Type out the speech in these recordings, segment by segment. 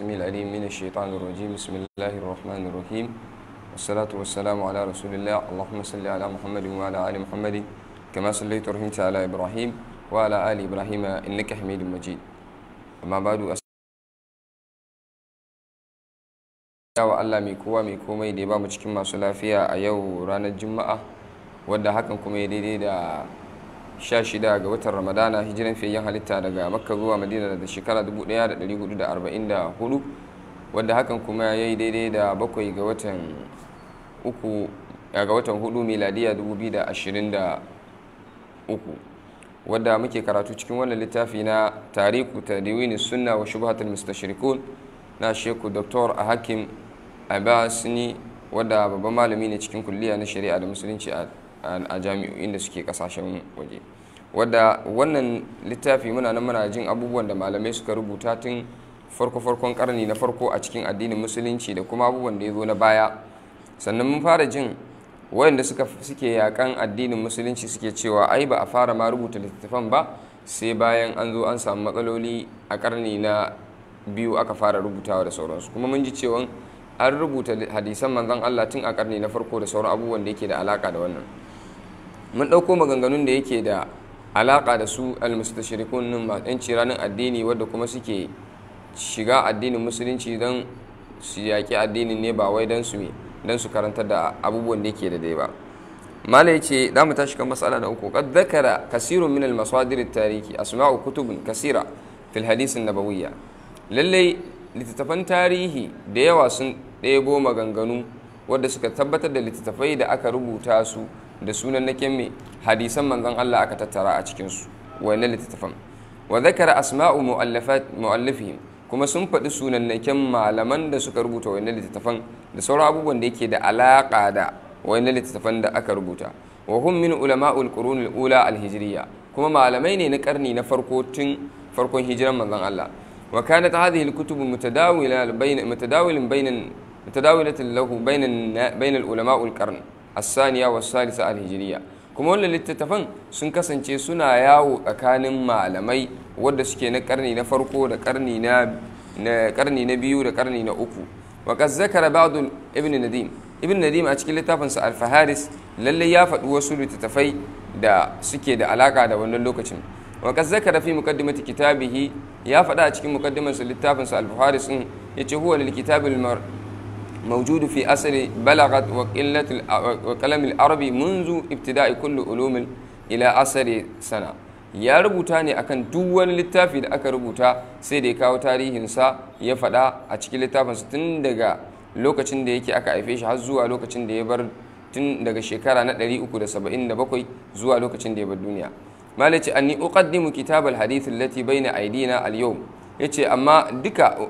السميع العليم من الشيطان الرجيم بسم الله الرحمن الرحيم والصلاة والسلام على رسول الله اللهم صل على محمد وعلى آل محمد كما صليت ورحمت على إبراهيم وعلى آل إبراهيم إنك حميد مجيد أما بعد wa Allah mai kowa mai komai da ya ba mu cikin masu lafiya a yau ranar juma'a wadda hakan kuma ya daidai da 16 ga watan ramadana hijiran fiyayyen halitta daga makka zuwa madina da shekara 1444 wadda hakan kuma ya yi daidai da bakwai ga watan uku ga watan hudu miladiya 2023 wadda muke karatu cikin wannan littafi na tariku diwini sunna wa shubhatul mustashrikun na sheku dr hakim abasini wadda babban malami ne cikin kulliya na shari'a da musulunci a jami'o'in da suke kasashen waje wadda wannan littafi muna nan muna jin abubuwan da malamai suka rubuta tun farko-farkon karni na farko a cikin addinin musulunci da kuma abubuwan da ya zo na baya sannan mun fara jin wayanda suke yakan addinin musulunci suke cewa ai ba a fara ma rubuta littafan ba sai bayan an zo an samu matsaloli a karni na biyu aka fara rubutawa da sauransu kuma mun ji cewa an rubuta hadisan manzon Allah tun a karni na farko da sauran abubuwan da yake da alaka da wannan mun ɗauko maganganun da yake da alaƙa da su almustashirikun nun ma ɗan ranar addini wadda kuma suke shiga addinin musulunci don su yaƙi addinin ne ba wai don su don su karantar da abubuwan da ke da dai ba malai ce da mu tashi kan matsala na uku kad zakara kasirun min al-masadir tariki asma'u kutubun kasira fil hadith nabawiyya lallai littattafan tarihi da yawa sun ɗebo maganganu wadda suka tabbatar da littafai da aka rubuta su da sunan na kyan hadisan manzon Allah aka tattara a cikinsu wani littattafan wa zakara asma'u mu'allafihim kuma sun faɗi sunannaken malaman da suka rubuta wani littattafan da sauran abubuwan da yake da alaƙa da wani littattafan da aka rubuta wa hum min ulama'ul qurunil ula alhijriya kuma malamai ne na karni na farko tun farkon hijiran manzon Allah wa kanat hadhihi alkutubu mutadawila bain bainan mutadawilatan lahu bainan ulama'ul qarn asaniya wa salisa alhijiriya kuma wannan littattafan sun kasance suna yawo tsakanin malamai wadda suke na karni na farko da karni na biyu da karni na uku wa ba'dul ibn nadim a cikin littafinsa alfaharis lallai ya faɗi wasu littattafai da suke da alaka da wannan lokacin وقد ذكر في مقدمة كتابه يا فدا cikin mukaddimarsa littafinsa al-Buharis din yace huwa موجود في أصل بلغت وقلة وقلم العربي منذ ابتداء كل علوم إلى أصل سنة ya rubuta ne akan duk wani littafi da aka rubuta sai da ya kawo tarihinsa ya faɗa a ciki littafinsa tun daga lokacin da yake aka haife shi har zuwa lokacin da ya bar tun daga shekara na 377 zuwa lokacin da ya bar duniya malaci anni uqaddimu kitab al-hadith allati bayna aydina al-yawm yace amma duka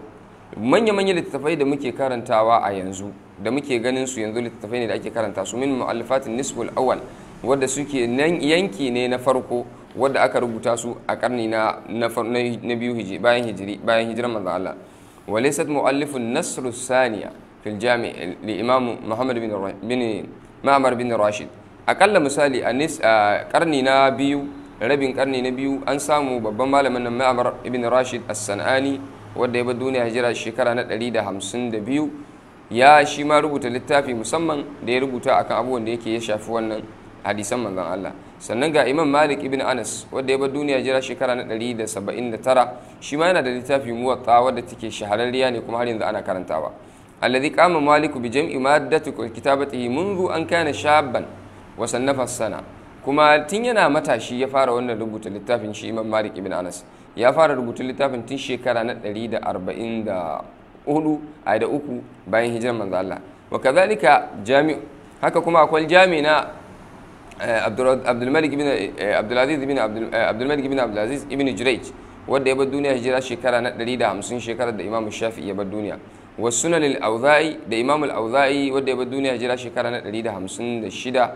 manya-manyan littattafai da muke karantawa a yanzu da muke ganin su yanzu littattafai ne da ake karanta su min mu'allifatin nisful awal wadda suke nan yanki ne na farko wadda aka rubuta su a karni na na biyu hijiri bayan hijiri bayan hijiran manzo Allah walaysat mu'allifun nasr saniya fil jami' li imam Muhammad bin bin Ma'mar bin Rashid akalla misali a karni na biyu rabin karni na biyu an samu babban malamin nan Ma'mar ibn Rashid as-Sanani wanda ya bar duniya hijira shekara na 152 ya shi ma rubuta littafi musamman da ya rubuta akan abubuwan da yake ya shafi wannan hadisan manzon Allah sannan ga imam malik ibn anas wanda ya bar duniya hijira shekara na 179 shi ma yana da littafi muwatta wadda take shahararriya ne kuma har yanzu ana karantawa alladhi qama maliku bi jam'i maddati kitabatihi منذ an kana shaban wa sannafa sana kuma tun yana matashi ya fara wannan rubuta littafin shi imam malik ibn anas ya fara rubutun littafin tun shekara na 144 a da uku bayan hijirar manzo Allah wa kazalika jami haka kuma akwai jami na eh, Abdulmalik ibn eh, Abdulaziz ibn Abdulmalik eh, ibn Abdulaziz ibn Jurayj wanda ya bar duniya hijira shekara na 150 shekarar da Imam Shafi'i ya bar duniya wa sunan al-Auza'i da Imam al-Auza'i wanda ya bar duniya hijira shekara na 156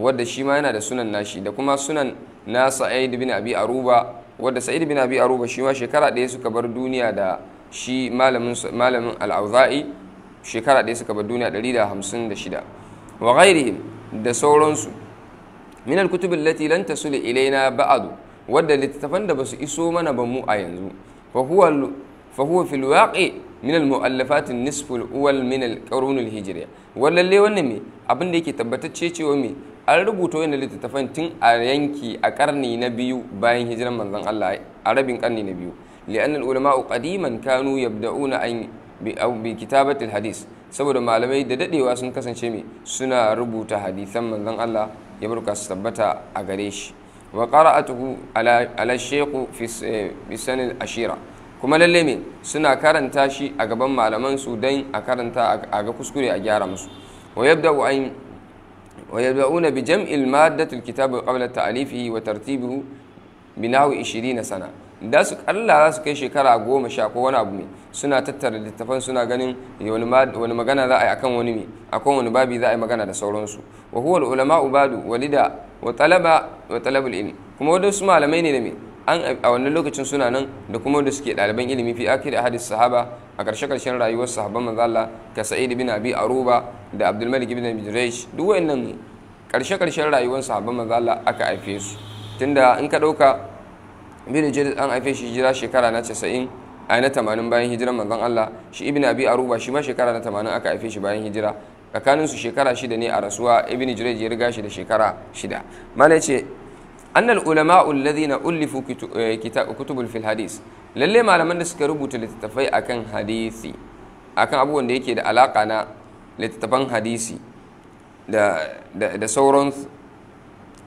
wanda shi ma yana da sunan nashi da kuma sunan na Sa'id ibn Abi Aruba wadda sa'id bin abi aruba shi ma shekara ɗaya suka bar duniya da shi malamin malamin al-auza'i shekara ɗaya suka bar duniya 156 wa ghairihim da sauransu min kutubin lati allati lan ilaina ba'du wadda littafan da basu iso mana ba mu a yanzu fa huwa fa huwa fil waqi min al-mu'allafat an al min al al-hijriya wallalle wannan me abin da yake tabbatacce cewa me an rubuta wani littattafan tun a yanki a karni na biyu bayan hijiran manzon Allah a rabin karni na biyu li'anna ulama qadiman kanu yabda'una an bi kitabati hadis saboda malamai da dadewa sun kasance mai suna rubuta hadisan manzon Allah ya barka su tabbata a gare shi wa qara'atuhu ala ala shaykh fi eh, ashira kuma lalle me suna karanta shi a gaban malaman su dan a karanta a ga kuskure a gyara musu wa yabda'u an ويبدأون بجمع المادة الكتاب قبل تأليفه وترتيبه بنحو 20 سنة da su kalla za su kai shekara goma sha ko wani abu ne suna tattara littafan suna ganin wani magana za a yi akan wani ne akan wani babi za a yi magana da sauransu wa huwa ulama ubadu walida wa talaba wa talabul ilm kuma wadansu malamai ne da mai. a wannan lokacin suna nan da kuma da suke ɗaliban ilimi fi akiri a hadis sahaba a ƙarshe ƙarshen rayuwar sahabban manzo ka sa'id bin abi aruba da abdulmalik bin abi juraysh duk wayannan ƙarshe ƙarshen rayuwar sahabban manzo aka haife su tunda in ka ɗauka bin jarir an haife shi hijira shekara na casa'in a na tamanin bayan hijiran mazan Allah shi ibn abi aruba shi ma shekara na tamanin aka haife shi bayan hijira kakaninsu shekara shida ne a rasuwa ibn jurej ya riga shi da shekara shida mana ce annal ulama alladhina ulifu kutubul fil hadis lalle malaman da suka rubuta littattafai akan hadisi akan abubuwan da yake da alaka na littattafan hadisi da sauran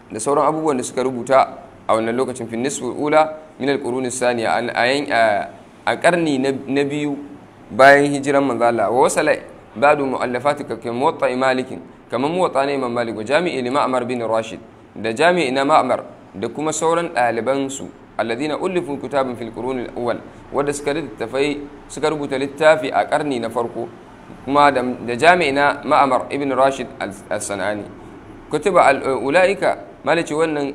da sauran abubuwan da suka rubuta a wannan lokacin fi ula min al-qurun saniya an a karni na biyu bayan hijiran manzo Allah wa wasala ba'du mu'allafati kamar muwatta ne imam malik wa jami'i lima amar bin rashid da jami'i na ma'amar da kuma sauran ɗalibansu alladina ullifu kitabin fil qurunil awwal wanda suka littafai suka rubuta littafi a karni na farko kuma da jami'i na ma'amar ibn rashid as-sanani kutuba eh, ulaika malici wannan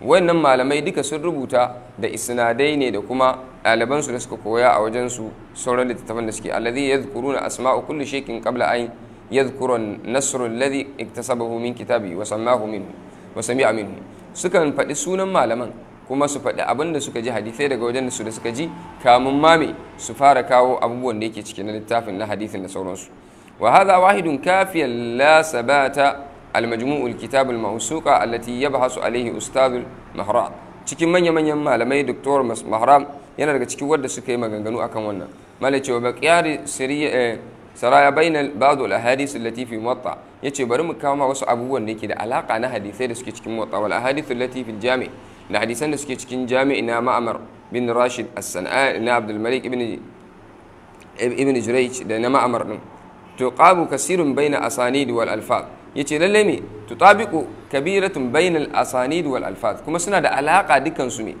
wannan malamai duka sun rubuta da isnadai ne da kuma ɗalibansu da suka koya a wajensu sauran littattafan da suke alladhi yadhkuruna asma'u kulli shaykin qabla an yadhkura an-nasr alladhi iktasabahu min kitabi wa sammahu minhu wa aminu sukan faɗi sunan malaman kuma su faɗi abin da suka ji hadisai daga wajen su da suka ji kamun mame su fara kawo abubuwan da yake cikin littafin na hadisin da sauransu wa hadha wahidun kafiyan la sabata المجموع الكتاب الموثوقة التي يبحث عليه أستاذ المهرام cikin manya-manyan malamai doktor mahram yana daga cikin wanda suka yi maganganu akan wannan mala cewa bakiyar saraya bainal ba'du al-ahadith allati fi muwatta yace bari mu kawo wasu abubuwan da ke da alaka na hadisai da suke cikin muwatta wal ahadith allati fi jami da hadisan da suke cikin jami na ma'amar bin rashid as-san'a na abdul malik ibn ibn jurayj da na ma'amar din to qabu kasirun baina asanid wal alfaz yace lalle me tutabiqu kabiratun bainal asanid wal alfaz kuma suna da alaka dukansu ne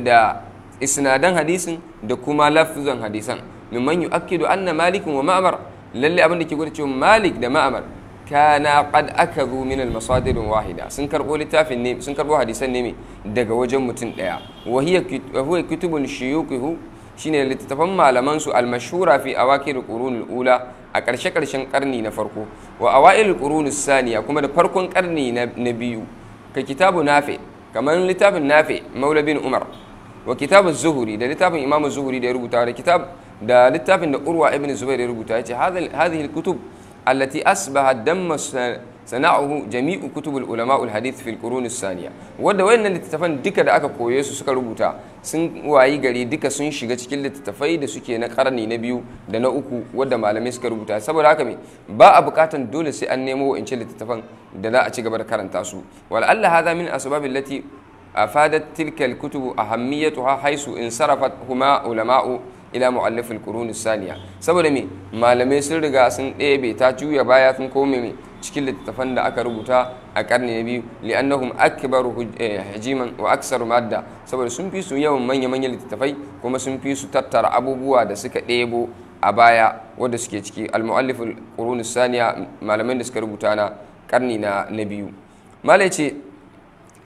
da isnadan hadisin da kuma lafzan hadisan mimman yu'akkidu anna malik wa ma'amar lalle abin da ke gwada cewa malik da ma'mar kana qad aka min al wahida sun karbo littafin ne sun karbo hadisan ne daga wajen mutum daya wa kitubun huwa kutubun shine littattafan malaman su al mashhura fi awakir qurun ula a karshe karshen karni na farko wa awail qurun saniya kuma da farkon karni na biyu ka kitabu nafi kamar littafin nafi maula bin umar wa kitabu zuhuri da littafin imamu zuhuri da ya rubuta da kitabu. da littafin da urwa ibn zubair ya rubuta ya ce hadhihi kutub allati asbaha damma sana'ahu jami'u kutubul ulama ul hadith fil qurun saniya wanda wayannan littattafan duka da aka koye su suka rubuta sun wayi gari duka sun shiga cikin littattafai da suke na karni na biyu da na uku wanda malamai suka rubuta saboda haka me ba a bukatan dole sai an nemo wayancin littattafan da za a ci gaba da karanta su wal alla hadha min asbabil lati afadat tilka al kutub ahammiyatuha haisu insarafat huma ulama'u ila mu'allifil qurunus saniya saboda me malamai sun riga sun ɗebe ta juya baya sun kome me cikin littattafan da aka rubuta a karni na biyu li'annahum akbaru hajiman eh, wa aksaru madda saboda sun fi su yawan manya manyan littattafai kuma sun fi su tattara abubuwa da suka ɗebo a baya wanda suke ciki al-mu'allifil qurunus saniya malamai da suka rubuta na karni na biyu malai ce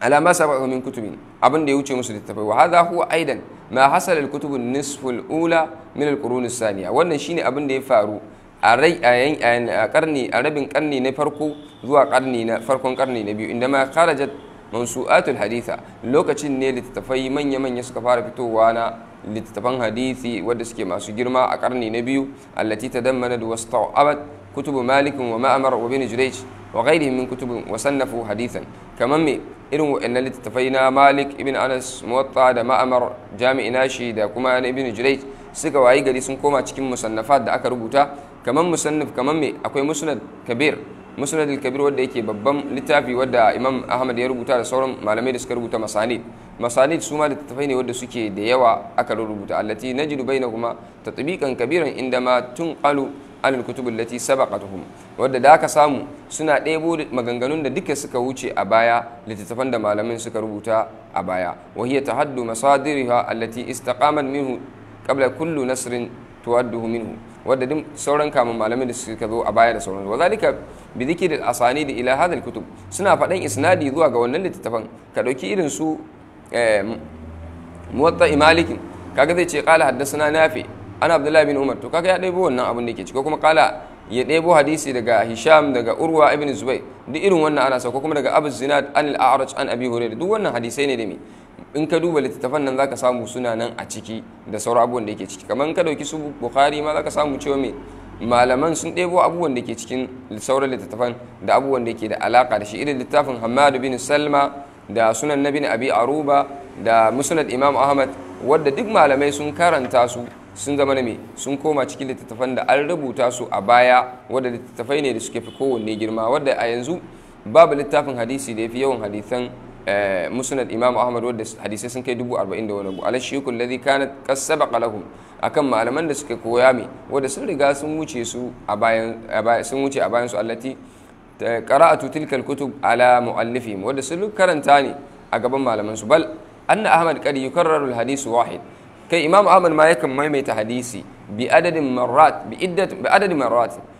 alama sabaka min kutubin abin da ya wuce musu littattafai wa hadha huwa aidan ma hasala al-kutubun nisful ula min al saniya wannan shine abin da ya faru a rai a karni a rabin karni na farko zuwa farkon karni na biyu inda ma kharajat mansu'atul haditha lokacin ne littattafai manya-manya suka fara fitowa na littattafan hadithi wadda suke masu girma a karni na biyu allati tadammanat wasta'abat kutubu malik wa ma'mar wa bin jurayj wa ghayrihim min kutubin wa sannafu hadithan kaman me irin waɗannan littattafai na malik ibn anas muwatta da ma'amar jami'i nashi da kuma na ibn jurayj suka wayi gari sun koma cikin musannafat da aka rubuta kaman musannaf kaman me akwai musnad kabir musnad kabir wanda yake babban littafi wanda imam ahmad ya rubuta da sauran malamai da suka rubuta masanid masanid su ma littattafai ne wanda suke da yawa aka rubuta allati najidu bainahuma tatbiqan kabiran inda ma tunqalu anil kutubul lati da aka samu suna ɗebo maganganun da duka suka wuce a baya littattafan da malamin suka rubuta a baya wa hiya tahaddu masadiriha allati istaqamat minhu qabla kullu nasrin tuwadduhu minhu wadda duk sauran kamun malamin da suka zo a baya da sauran wa zalika bi dhikri al asani da ila hadha al kutub suna faɗan isnadi zuwa ga wannan littattafan ka dauki irin su eh, muwatta imalikin kaga zai ce qala haddathana nafi' ana abdullahi bin umar to kaga ya ɗebo wannan abin da ke ciki kuma kala ya ɗebo hadisi daga hisham daga urwa ibn zubai duk irin wannan ana sauko kuma daga abu zinad an al'araj an abi hurairah duk wannan hadisai ne da me in ka duba littattafan nan zaka samu suna nan a ciki da sauran abubuwan da yake ciki kamar ka dauki su bukhari ma zaka samu cewa me malaman sun ɗebo abubuwan da ke cikin sauran littattafan da abubuwan da ke da alaka da shi irin littafin Hamad bin salma da sunan na bin abi aruba da musnad imam ahmad wadda duk malamai sun karanta su sun zama na me sun koma cikin littattafan da an rubuta su a baya wadda littattafai ne da suke fi kowanne girma wadda a yanzu babu littafin hadisi da ya fi yawan hadisan eh, musnad imam ahmad wadda hadisai sun kai dubu arba'in da wani abu ala shekul ladhi kana kasaba qalahum akan malaman da suka koya me wadda sun riga sun wuce su a bayan sun wuce a bayan su allati eh, qara'atu tilkal kutub ala muallifihim wadda sun karanta ne a gaban malaman su bal anna ahmad qad yukarraru al hadith wahid kai imam ahmad ma yakan maimaita hadisi bi adadin marat bi adadin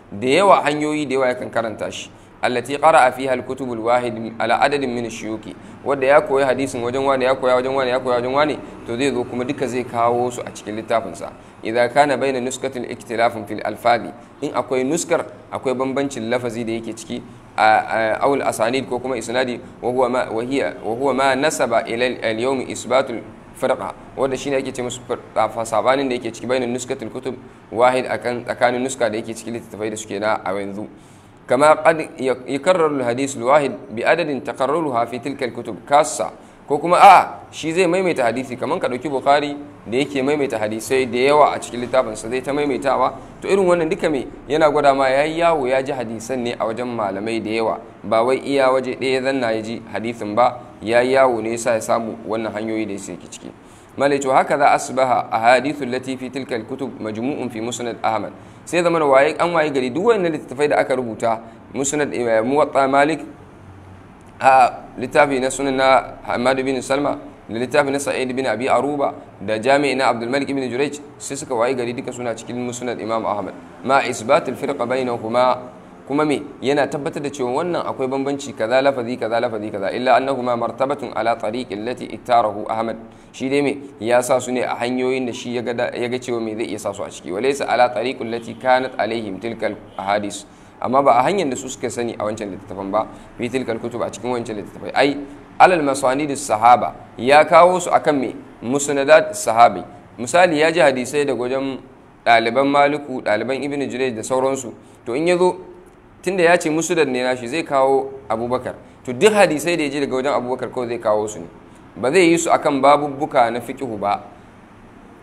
da yawa hanyoyi da yawa yakan karanta shi allati qara'a fiha al-kutub al-wahid ala adadin min shuyuki wanda ya koyi hadisin wajen wani ya koya wajen wani ya koya wajen wani to zai zo kuma duka zai kawo su a cikin littafin sa idza kana baina nuskatil ikhtilafin fil alfazi in akwai nuskar akwai bambancin lafazi da yake ciki aw asanid ko kuma isnadi wa huwa ma wa hiya wa huwa ma nasaba ila al-yawm isbatul farqa wanda shine ake ce musu farqa sabanin da yake ciki bayanin nuskatul kutub wahid akan tsakanin nuska da yake ciki littattafai da suke na a yanzu kama qad yakarraru al hadith wahid bi adadin taqarruruha fi tilka al kutub kassa ko kuma a shi zai maimaita hadisi kamar ka dauki bukari da yake maimaita hadisai da yawa a cikin sa zai ta maimaitawa to irin wannan duka mai yana gwada ma yayi yawo ya ji hadisan ne a wajen malamai da yawa ba wai iya waje ɗaya zanna ya ji hadisin ba yayi yawo ne yasa ya samu wannan hanyoyi da yake ciki malai to haka za asbaha a lati latifi tilka kutub majmu'un fi musnad ahmad sai zama waye an waye gari duk wannan littafai da aka rubuta musnad eh, muwatta malik a littafi na sunan na hamadu bin salma da littafi na sa'id bin abi aruba da jami'i na abdulmalik bin jurayj sai suka wayi gari duka suna cikin musnad imam ahmad ma isbatul firqa bainahuma kuma me yana tabbatar da cewa wannan akwai bambanci kaza lafazi kaza lafazi kaza illa annahuma martabatun ala tariqin lati ittarahu ahmad shi dai me ya sa su ne a hanyoyin da shi ya ga cewa me zai iya sa su a ciki walaysa ala tariqin lati kanat alaihim tilkal ahadis amma ba a hanyar da su suka sani a wancan littattafan ba fi tilkal kutub a cikin wancan littattafai ai alal da sahaba ya kawo su akan me musnadat sahabi misali ya ji hadisai daga wajen ɗaliban maliku ɗaliban ibn jirej da sauransu to in ya zo tunda ya ce da ne nashi zai kawo abubakar to duk hadisai da ya je daga wajen abubakar kawai zai kawo su ne ba zai yi su akan babubbuka na fiqhu ba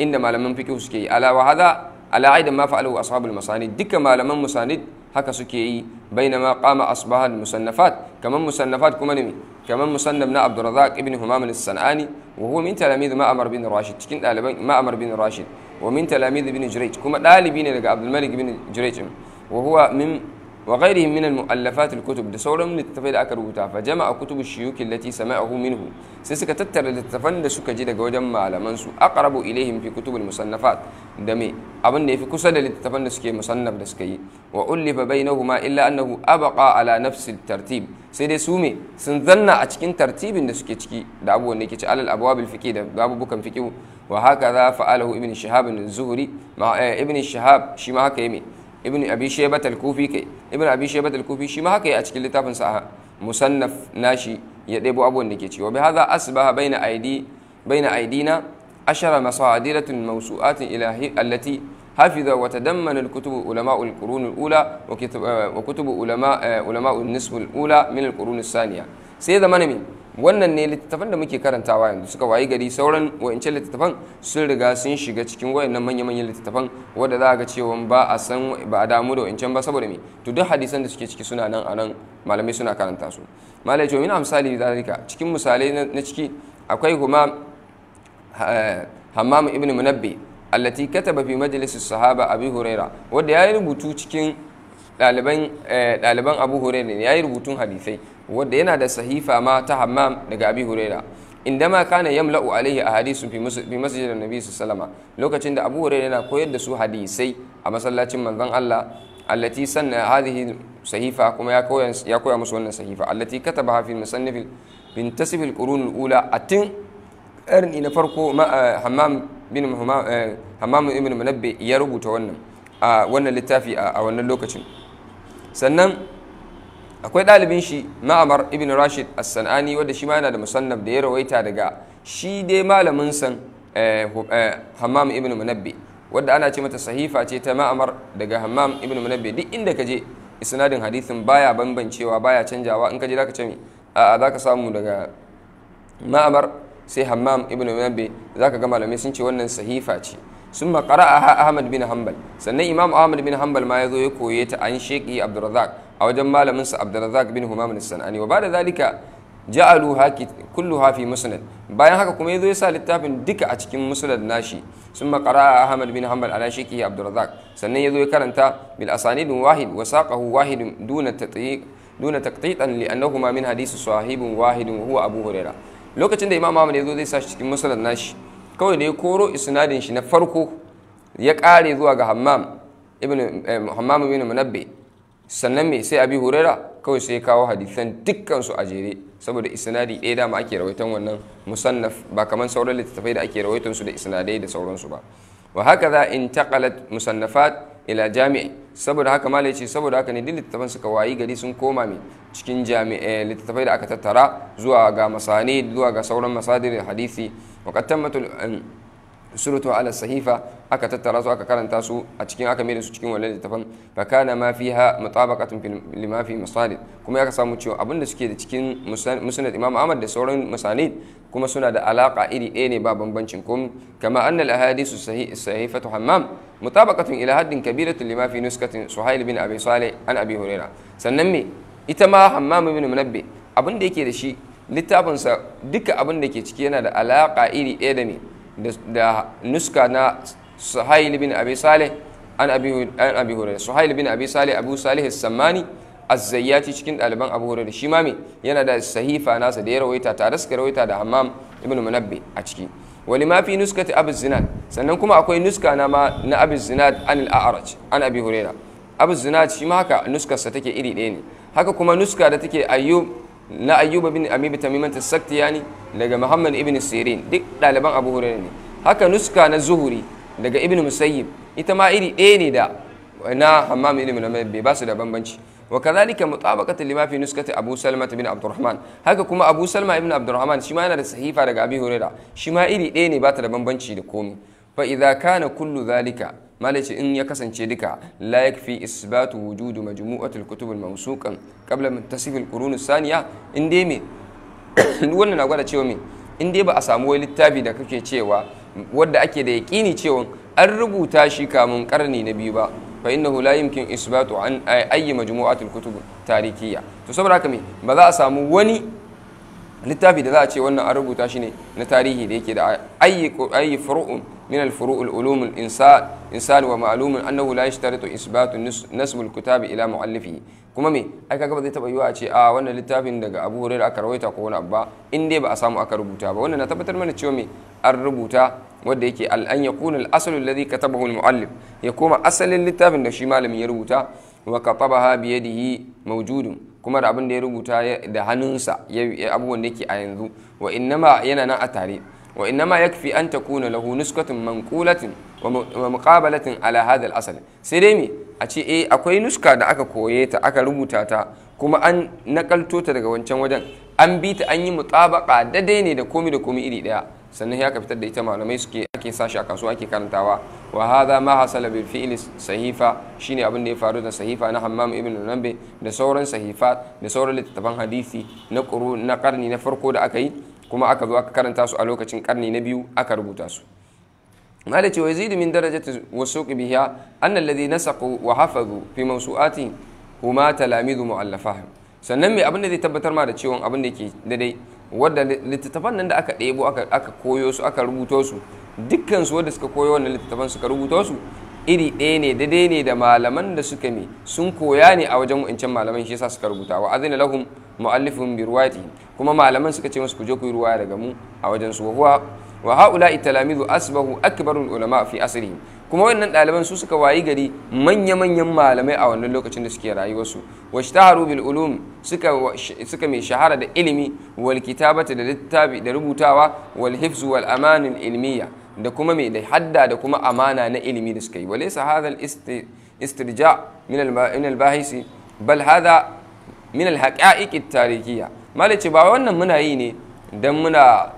inda malaman fiqhu suke yi ala wa hada ala aidan ma fa'alahu ashabul masani duka malaman musanid haka suke yi bainama qama asbaha musannafat kaman musannafat kuma ne kaman musannaf na Abdurrazzaq ibn Humam al-Sanani wa huwa min talamid bin Rashid cikin daliban ma'amar bin Rashid wa min talamid ibn kuma dalibi ne daga abdulmalik bin ibn wa huwa min wa ghairihim min al-mu'allafat kutub da sauran littattafai da aka rubuta fa jama'a kutub shuyuk allati sama'ahu minhu sai suka tattara littattafan da suka ji daga wajen malaman su aqrabu ilaihim fi kutub al da me abin da yafi kusa da littattafan da suke musannaf da suka yi wa ullifa ma illa annahu abqa ala nafsi tartib sai dai su me sun zanna a cikin tartibin da suke ciki da abubuwan da yake ci alal abwab al-fiqh da babubukan fiqh wa hakaza fa'alahu ibn shihab az-zuhri ma eh, ibn shihab shi ma haka yi ابن ابي شيبه الكوفي كي ابن ابي شيبه الكوفي شي ما كي اشكي لتاب مصنف ناشي يدبو ابو النكيتي وبهذا اصبح بين ايدي بين ايدينا اشر مصادر موسوعات الهي التي حفظ وتدمن الكتب علماء القرون الاولى وكتب, وكتب علماء علماء النصف الاولى من القرون الثانيه sai zama ne wannan ne littattafan da muke karantawa yanzu suka wayi gari sauran wayancan littattafan sun riga sun shiga cikin wayannan manya-manyan littattafan wanda za a ga cewa ba a san ba a damu da wayancan ba saboda me to duk hadisan da suke ciki suna nan a nan malamai suna karanta su malai ce mina misali zalika cikin misalai na ciki akwai kuma hammam ibn munabbi allati kataba fi majlis sahaba abi huraira wanda ya rubutu cikin eh, ɗaliban abu huraira ne ya yi rubutun hadisai wanda yana da sahifa ma ta hammam daga abi huraira ma kana yamla'u alaihi ahadisun fi masjidin nabi sallama lokacin da abu huraira yana koyar da su hadisai a masallacin manzon Allah allati sanna hadhihi sahifa kuma ya koya ya musu wannan sahifa allati kataba fi musannif bin tasib al qurun al ula atin karni na farko eh, hammam bin eh, hammam ibn munabbi ya rubuta wannan a wannan littafi a wannan lokacin sannan akwai ɗalibin shi ma'amar ibn rashid as-san'ani wanda shi ma yana da musannaf da ya rawaita daga shi dai malamin san eh, eh, hammam ibn munabbi wadda ana ce mata sahifa ce ta ma'amar daga hammam ibn munabbi duk inda ka je isnadin hadithin baya bambancewa baya canjawa in ka je zaka ce a zaka samu daga ma'amar sai hammam ibn munabbi zaka ga malamai sun ce wannan sahifa ce ثم قرأها أحمد بن حنبل سنة إمام أحمد بن حنبل ما يذو يكوي عن شيخ عبد الرزاق أو جمال من عبد الرزاق بن همام السنعاني وبعد ذلك ja'aluha kulluha fi musnad bayan haka kuma yazo ya sa littafin duka a cikin musnad nashi summa a ahmad bin hanbal ala shaykhi abdurrazzaq sannan yazo ya karanta bil asanid wahid wa saqahu wahid duna tatqiq duna taqtitan li annahuma min hadith sahibin wahid huwa abu huraira lokacin da imam ahmad yazo zai sa cikin musnad kawai da ya koro isnadin shi na farko ya kare zuwa ga hammam ibn eh, hammam ibn munabbi sannan me sai abi hurera kawai sai kawo hadisan dukkan su a jere saboda isnadi ɗaya dama ake rawaitan wannan musannaf ba kamar sauran littattafai da ake rawaitan su da isnadai da sauransu ba wa haka za in taqalat musannafat ila jami'i saboda haka malai ce saboda haka ne duk littattafan suka wayi gari sun koma mai cikin jami'i eh, littattafai da aka tattara zuwa ga masani zuwa ga sauran masadir hadisi وقد تمت surutu ala sahifa aka tattara su aka karanta su a cikin aka mai da su cikin wannan littafin fa kana ma fiha mutabaqatun lima fi masalid kuma aka samu cewa abin da suke cikin musnad imam ahmad da sauran masanid kuma suna da alaka iri ɗaya ne ba bambancin kum kama anna al ahadisu sahifatu hammam mutabaqatun ilhadin haddin kabiratun lima fi nuskatin suhail bin abi an abi huraira sannan me ita ma hammam bin munabbi abin da yake da shi littafinsa duka abin da ke ciki yana da alaƙa iri ɗaya da ne da nuska na suhail bin abi saleh an abi hurairah suhail bin abi saleh abu saleh sammani azzayyaci cikin ɗaliban abu hurairah shi mami yana da sahifa nasa da ya rawaita tare suka rawaita da hammam ibn munabbi a ciki wali ma fi nuskati abu zinad sannan kuma akwai nuska na ma na abu zinad an al'arac an abi hurairah abu zinad shi ma haka nuskarsa take iri ɗaya ne haka kuma nuska da take ayyub na ayyuba bin amib tamiman as-saktiyani daga muhammad ibn sirin duk ɗaliban abu hurairah ne haka nuska na zuhuri daga ibn musayyib ita ma iri ɗaya ne da na hammam ibn muhammad bai ba su da bambanci wa kadhalika mutabaqatan lima fi nuskati abu salma bin abdurrahman haka kuma abu salma ibn abdurrahman shi ma yana da sahifa daga abi hurairah shi ma iri ɗaya ne ba ta da bambanci da komai fa idza kana kullu zalika malaci in ya kasance duka la yakfi isbatu wujudu majmu'atul kutub al mawsuqan qabla muntasif saniya in dai me wannan na gwada cewa me in dai ba a samu wani littafi da kake cewa wadda ake da yaqini cewa an rubuta shi kamun karni na biyu ba fa innahu la yumkin isbatu ayyi majmu'atul kutub tarikiyya to saboda haka me ba za a samu wani littafi da za a ce wannan an rubuta shi ne na tarihi da yake da ayyi من الفروع العلوم الإنسان إنسان ومعلوم أنه لا يشترط إثبات نسب الكتاب إلى مؤلفه kuma me ai kaga ba zai taba yiwa a ce a wannan littafin daga Abu Hurairah aka rawaita ko wani abba in dai ba a samu aka rubuta ba wannan na tabbatar mana cewa me an rubuta wanda yake al an yakuna al aslu alladhi katabahu al muallif ya koma asalin littafin da shi malamin ya rubuta wa katabaha bi yadihi mawjudun kuma da abin da ya rubuta da hannunsa abubuwan da yake a yanzu wa ma yana nan a tare wa innama yakfi an takuna lahu nuskatun manqulatin wa muqabalatin ala hadha al sai dai me a ce e akwai nuska da aka koye ta aka rubuta ta kuma an nakalto ta daga wancan wajen an bi ta an yi mutabaka daidai ne da komi da komi iri daya sannan ya ka fitar da ita malamai suke ake sashi a kasuwa ake karantawa wa hadha ma hasala bil fi'l sahifa shine abin da ya faru da sahifa na Hammam ibn Nambe da sauran sahifa da sauran littattafan hadisi na na karni na farko da aka yi kuma aka zo aka karanta su a lokacin karni na biyu aka rubuta su مالك ce ويزيد من درجة والسوق بها أن الذي نسقوا وحفظوا في موسوعاتهم هما تلاميذ مؤلفاهم sannan mai abin da zai tabbatar ma da cewa abin da ke daidai wadda littattafan nan da aka ɗebo aka koyo su aka rubuto su dukkan su wadda suka koyo wannan littattafan suka rubuto su iri ɗaya ne daidai ne da malaman da suka mi sun koya ne a wajen wa'ancan malaman shi yasa suka rubuta wa azina lahum mu'allifun bi ruwatihim kuma malaman suka ce musu ku je ku yi ruwa daga mu a wajen su wa wa haula italamizu asbahu akbarul ulama fi asrihim kuma wannan ɗaliban su suka wayi gari manya-manyan malamai a wannan lokacin da suke rayuwarsu wa shtaharu bil ulum suka suka mai shahara da ilimi wal kitabata da littafi da rubutawa wal hifzu wal amanin ilmiya da kuma mai da hadda da kuma amana na ilimi da suka yi wale sa hadha istirja min bahisi bal hada. min al-haqa'iq at-tarikiyya ba wannan muna yi ne Don muna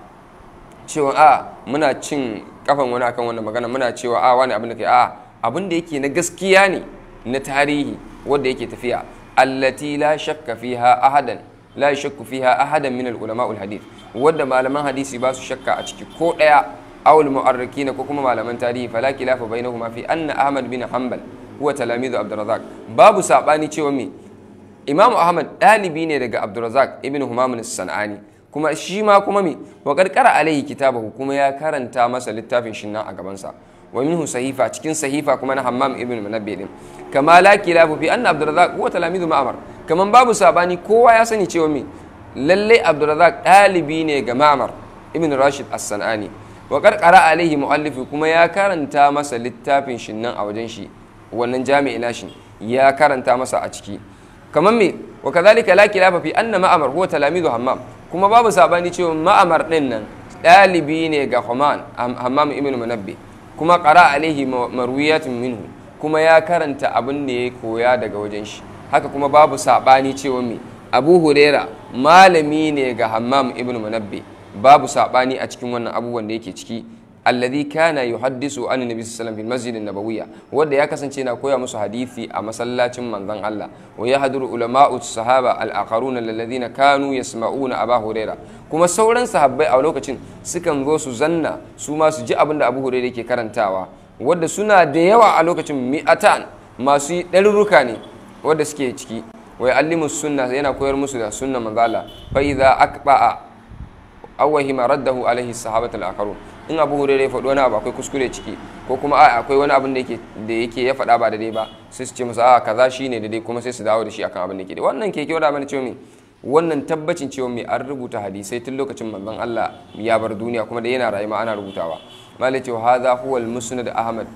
cewa a muna cin kafan wani akan wannan magana muna cewa a wani abin da ke a abin da yake na gaskiya ne na tarihi wanda yake tafiya allati la shakka fiha ahadan la shakku fiha ahadan min al-ulama hadith wanda malaman hadisi ba su shakka a ciki ko daya awal al-mu'arrikin ko kuma malaman tarihi fala khilafa bainahuma fi anna ahmad bin hanbal huwa talamizu abdurrazzaq babu sabani cewa me imam ahmad dalibi ne daga abdurrazzaq ibn humam as-sanani kuma shi ma kuma me wa karkara alaihi kitabahu kuma ya karanta masa littafin shi a gabansa wa minhu sahifa cikin sahifa kuma na hammam ibn munabbi din kama la khilafa fi anna abdurrazzaq huwa talamizu ma'mar kaman babu sabani kowa ya sani cewa me lalle abdurrazzaq dalibi ne ga ma'mar ibn rashid as wa karkara alaihi muallifi kuma ya karanta masa littafin shi nan a wajen shi wannan jami'i nashi ya karanta masa a ciki kamar me wa kazalika la kilafa fi anna ma'amar huwa talamidu hammam kuma babu sabani cewa ma'amar din nan dalibi ne ga Haman Hammam ibn Munabbi kuma qara alaihi marwiyatun minhu kuma ya karanta abin da ya koya daga wajen shi haka kuma babu sabani cewa me Abu Huraira malami ne ga Hammam ibn Munabbi babu saɓani a cikin wannan abubuwan da yake ciki alladhi kana yuhaddisu an nabi sallallahu alaihi wasallam nabawiyya wanda ya kasance na koya musu hadisi a masallacin manzon Allah wa yahduru ulama'u sahaba al-akharun alladhina kanu yasma'una aba Huraira kuma sauran sahabbai a lokacin sukan zo su zanna su ma su ji abinda Abu Huraira yake karantawa wanda suna da yawa a lokacin mi'atan masu ɗarurruka ne wanda suke ciki wa ya'allimu sunna yana koyar musu da sunna manzala fa idza akba'a awwahi ma raddahu alaihi sahabatul akharun in abu hurairu ya faɗi wani abu akwai kuskure ciki ko kuma a akwai wani abin da yake da ya faɗa ba daidai ba sai su ce masa a kaza shine daidai kuma sai su dawo da shi akan abin da yake wannan keke wada mana cewa me wannan tabbacin cewa me an rubuta hadisai tun lokacin manzon Allah ya bar duniya kuma da yana rayuwa ana rubutawa malai cewa hadha huwa al-musnad ahmad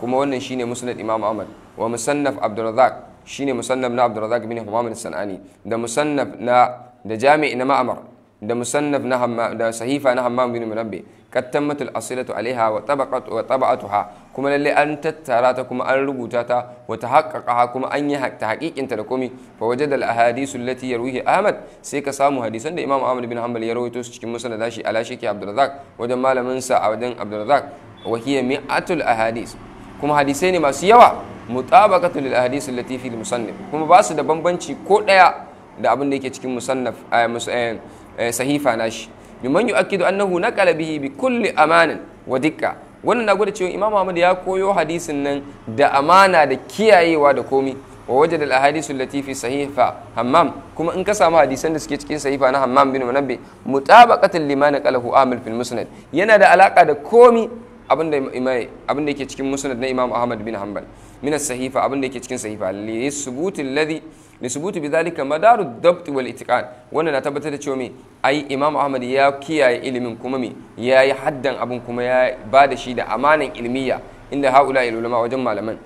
kuma wannan shine musnad imam ahmad wa musannaf abdurrazzaq shine musannaf na abdurrazzaq bin humam sanani da musannaf na da jami'i na ma'amar da musannaf na da sahifa na hammam bin munabbi qad tammat al asilatu alaiha wa tabaqat wa tab'atuha kuma lalle an tattara ta kuma an rubuta ta wa tahaqqaqaha kuma an yi ta hakikinta da komi fa wajada al ahadisu allati yarwihi ahmad sai ka samu hadisan da imam ahmad bin hanbal ya rawaito su cikin musnad dashi ala shiki abdurrazzaq wajen malamin sa a wajen abdurrazzaq wa hiya mi'atul ahadis kuma hadisai ne masu yawa mutabaqatul lil ahadis allati fi al musannaf kuma ba su da bambanci ko daya da abin da yake cikin musannaf eh, eh, Eh, sahifa nashi biman yu'akkidu annahu naqala bihi bi kulli amanin wa dikka wannan na gwada cewa imam Muhammad ya koyo hadisin nan da amana da kiyayewa da komi wa wajen da ahadisu latifi sahifa hammam kuma in ka samu hadisan da suke cikin sahifa na hammam bin manabbi mutabaqatan lima naqalahu amil fil musnad yana da alaka da komi abinda imai abinda yake cikin musnad na imam ahmad bin hanbal min as-sahifa abinda yake cikin sahifa li subuti alladhi li subuti bi zalika madaru dabt wal itiqad na tabbatar da cewa me ai imam ahmad ya kiyaye ilimin kuma me yayi haddan abun kuma ya ba da shi da amanan ilmiya inda haula ulama wajen malaman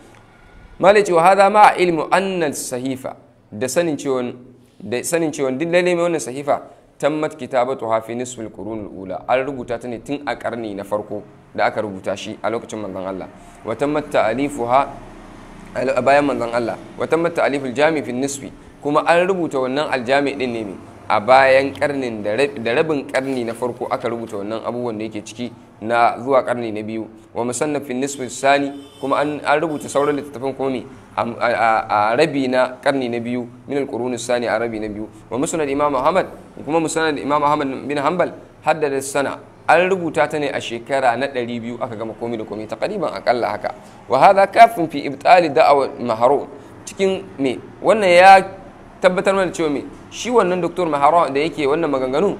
malai cewa hadha ma ilmu anna sahifa da sanin cewa da sanin duk lalle mai wannan sahifa tammat ba hafi nisfil qurunul ula an rubuta ta ne tun a karni na farko da aka rubuta shi a lokacin manzon Allah wa a bayan manzon Allah wa mata ta'liful jami fi nisfi kuma an rubuta wannan aljami din ne a bayan karnin da rabin karni na farko aka rubuta wannan abubuwan da yake ciki na zuwa karni na biyu wa musannafin nisfi sani kuma an rubuta sauran littattafan komi a rabi na karni na biyu min alqurun sani a rabi na biyu wa musnad imam ahmad kuma musnad imam ahmad bin hanbal haddada sana an rubuta ta ne a shekara na 200 aka gama komi da komi taqriban akalla haka wa hadha kafin fi ibtali da'awa maharo cikin me wannan ya tabbatar mana cewa me shi wannan doktor maharo da yake wannan maganganun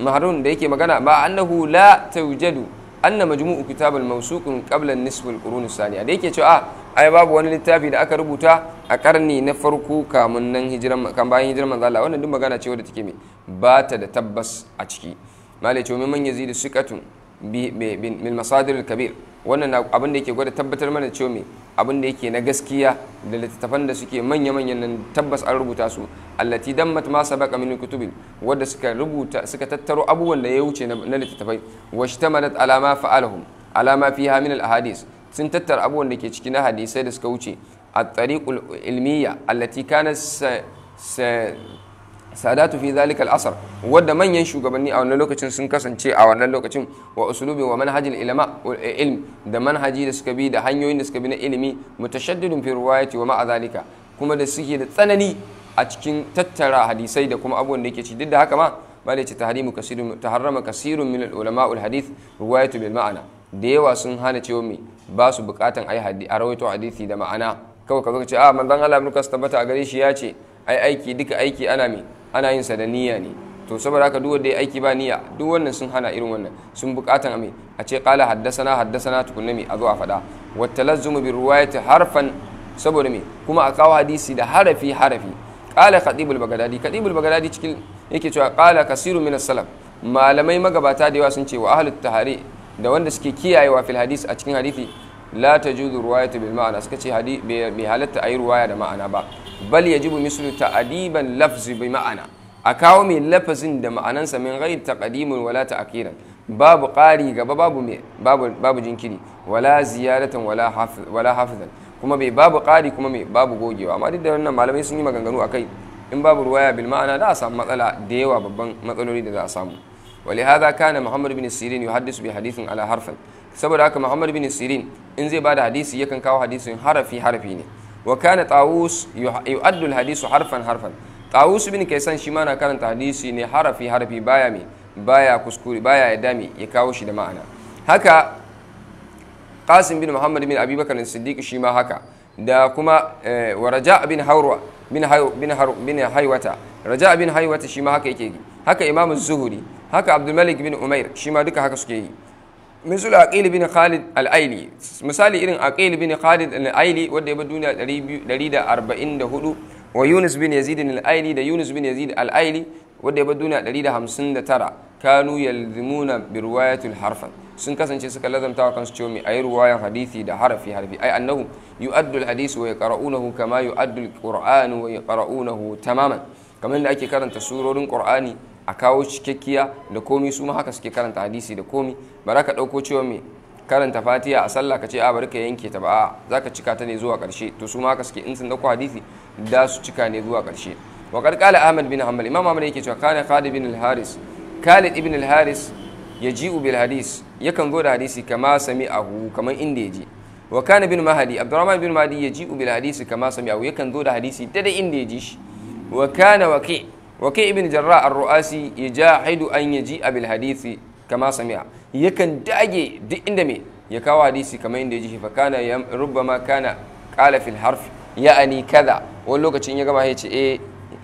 maharun da yake magana ba annahu la tawjadu anna majmu'u kitab al-mawsuqun qabla nisf al-qurun as-saniya da yake cewa ah, ai babu wani littafi da aka rubuta a karni na farko kamun nan hijiran kan bayan hijiran manzo Allah wannan duk magana ce wadda take me ba ta da tabbas a ciki malai ce min yazidu siqatun bil masadir kabir wannan abin da yake gwada tabbatar mana cewa me abin da yake na gaskiya da littattafan da suke manya manyan nan tabbas an rubuta su allati dammat ma sabaqa min kutubin wanda suka rubuta suka tattaro abubuwan da ya wuce na littattafai washtamalat ala ma fa'alahum ala ma fiha min al ahadith sun tattara abubuwan da ke ciki na hadisai da suka wuce at tariqul ilmiya allati kana sadatu fi zalika al wadda wanda manyan shugabanni a wannan lokacin sun kasance a wannan lokacin wa uslubi wa manhajin ilma ilm da manhaji da suka bi da hanyoyin da suka bi na ilimi mutashaddidun fi riwayati wa ma'a zalika kuma da suke da tsanani a cikin tattara hadisai da kuma abubuwan da yake ci duk da haka ma bale ce tahrimu kasirun taharrama kasirun min al-ulama al-hadith riwayatu bil ma'ana da yawa sun hana cewa mai ba su bukatan ai a rawaito hadisi da ma'ana kawai ka zo ka ce a ah, manzon Allah ibn tabbata a gare shi ya ce ai aiki duka aiki ana mai. ana yin sa da niyya ne to saboda haka duk wanda ya aiki ba niyya duk wannan sun hana irin wannan sun bukatan ame a ce qala haddasana haddasana tukunna me a zo a faɗa wa talazzumu bi riwayati harfan saboda me kuma a kawo hadisi da harafi harafi qala khatibul bagdadi khatibul bagdadi cikin yake cewa qala kasiru min salaf malamai magabata da yawa sun ce wa ahlut tahari da wanda suke kiyayewa fil hadis a cikin hadisi la tajuzu riwayatu bil ma'ana suka ce bai halatta ayi riwaya da ma'ana ba bal ya yajibu mislu ta'adiban lafzi bi ma'ana a kawo mai lafazin da ma'anansa min ghairi taqdimin wala ta'khiran babu ƙari gaba babu me babu babu jinkiri wala ziyaratan wala hafiz wala hafizan kuma bai babu ƙari kuma mai babu gogewa amma duk da wannan malamai sun yi maganganu akai in babu ruwaya bil ma'ana da a samu matsala da yawa babban matsaloli da za a samu ولهذا كان محمد بن سيرين يحدث بحديث على حرف saboda haka Muhammad bin Sirin in zai bada hadisi yakan kawo hadisin harafi harafi ne Wakana kana tawus yu'addu al-hadisu harfan harfan tawus bin kaisan shi ma na karanta hadisi ne harafi harafi baya me baya kuskure ya dame ya kawo shi da ma'ana haka qasim bin muhammad bin abubakar siddiq shi ma haka da kuma eh, wa bin haiwata shi ma haka yake haka imam zuhuri haka abdul bin umair shi ma duka haka suke yi misul aqil bin khalid al misali irin aqil bin khalid al wadda wanda ya bar duniya 144 wa yunus bin yazid al da yunus bin yazid al wadda wanda ya bar duniya 159 kanu yalzimuna bi riwayatil harfan sun kasance suka lazamta wa kansu cewa ayi ruwayan hadisi da harafi harfi ai annahu yu'addu al-hadith wa yaqra'unahu kama yu'addu al qur'anu wa yaqra'unahu tamaman kamar da ake karanta surorin qur'ani a kawo cikakkiya da komi su ma haka suke karanta hadisi da komi ba za ka ɗauko cewa mai karanta fatiha a sallah ka ce a bari ka yanke ta ba a za ka cika ta ne zuwa ƙarshe to su ma haka suke in sun ɗauko hadisi da su cika ne zuwa ƙarshe wa ƙarƙala ahmad bin hanbal imam ahmad yake cewa kana khalid bin al-haris khalid ibn al-haris yaji'u bil hadis yakan zo da hadisi kama sami'ahu kamar inda yaji wa kana bin mahadi abdurrahman bin mahadi yaji'u bil hadisi kama sami'ahu yakan zo da hadisi da inda yaji shi wa kana waqi' وكي ابن جراء الرؤاسي يجاهد أن يجيء بالحديث كما سمع يكن داجي دي اندمي يكاو حديثي كما يجي فكان ربما كان قال في الحرف يعني كذا واللوكacin ya gama yace eh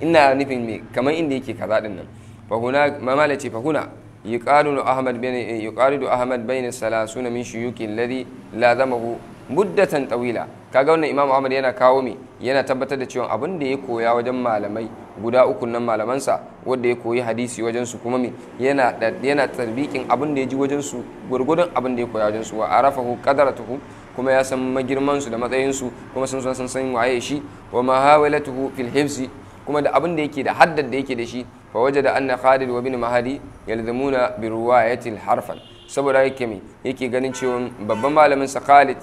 na nufin me kamar inda yake kaza din nan fa huna mamala ce fa huna yuqalu ahmad bin yuqalu ahmad bain salasuna min shuyuki lazamahu muddatan ga wannan imam ahmad yana kawo me yana tabbatar da cewa abin da ya koya wajen malamai guda uku nan malamansa wanda ya koyi hadisi wajen su kuma me yana yana tarbikin abin da ya ji wajen su gurgudun abin da ya koya wajen su wa arafahu qadaratuhu kuma ya san magirman su da matsayin su kuma sun san san waye shi wa mahawalatuhu fil hifzi kuma da abin da yake da haddad da yake da shi fa wajada anna khalid wa bin mahadi yalzamuna bi riwayati harfan saboda yake me yake ganin cewa babban malamin sa khalid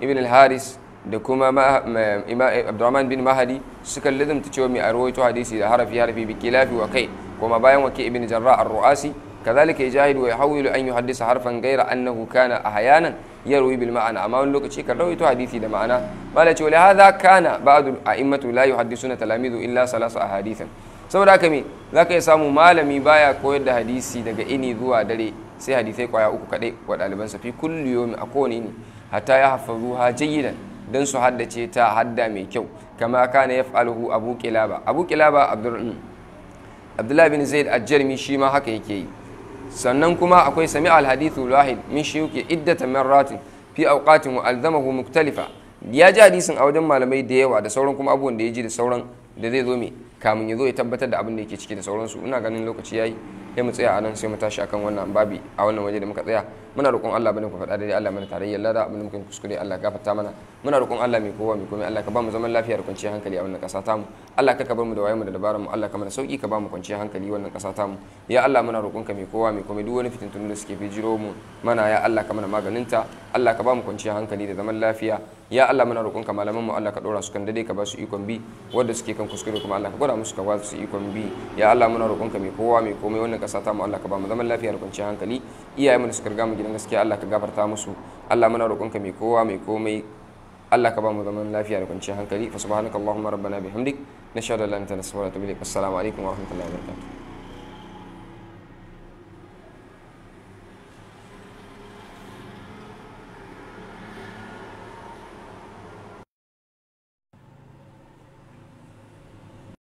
ibn al-haris da kuma eh, abdurrahman bin mahadi suka lazimta cewa mai a rawaito hadisi da harafi harafi bi kilafi wa kai kuma bayan wake ibn jarra ar-ru'asi kazalika yajahid wa yahawil an yuhaddisa harfan gaira annahu kana ahyanan yarwi bil ma'ana amma wani lokaci kan rawaito hadisi da ma'ana mala ce wala hadha kana ba'du a'immatu la yuhaddisuna talamizu illa salasa ahadithan saboda haka me zaka iya samu malami baya koyar da hadisi daga ini zuwa dare sai hadisai kwaya uku kadai wa ɗalibansa fi kulli yawmin a kowane ne hatta ya hafazuha jayyidan don su haddace ta hadda mai kyau kama kana yaf'aluhu abu kilaba abu kilaba mm, abdullah bin zaid ajjarmi shi ma haka yake yi sannan kuma akwai sami alhadithu wahid min yake iddata marratin fi aukatin wa alzamahu muktalifa ya ji hadisin a wajen malamai da yawa da sauran kuma abubuwan da ya ji da sauran da zai zo mai kamun ya zo ya tabbatar da abin da yake ciki da sauransu ina ganin lokaci yayi sai mu tsaya a nan sai mu tashi akan wannan babi a wannan waje da muka tsaya muna roƙon Allah bane ku faɗa da Allah mana tarayyar lada abin da muka kuskure Allah gafarta mana muna roƙon Allah mai kowa mai komai Allah ka ba mu zaman lafiya da kwanciyar hankali a wannan ƙasa mu Allah ka bar mu da wayarmu da dabaran mu Allah ka mana sauki ka ba mu kwanciyar hankali wannan ƙasa mu ya Allah muna roƙon ka mai kowa mai komai duk wani fitintunu da suke bijiro mu mana ya Allah ka mana maganinta Allah ka ba mu kwanciyar hankali da zaman lafiya ya Allah muna roƙon ka malaman mu Allah ka dora su kan dade ka ba su ikon bi wanda suke kan kuskure kuma Allah ka al'amura musu ka ba su ikon bi ya Allah muna roƙonka mai kowa mai komai wannan ƙasa ta mu Allah ka ba mu zaman lafiya da kwanciyar hankali iyayen mu da suka riga mu gidan gaskiya Allah ka gafarta musu Allah muna roƙonka mai kowa mai komai Allah ka ba mu zaman lafiya da kwanciyar hankali fa subhanakallahumma rabbana bihamdik nashhadu an la ilaha illa anta nastaghfiruka wa natubu ilaik assalamu alaikum wa rahmatullahi wa barakatuh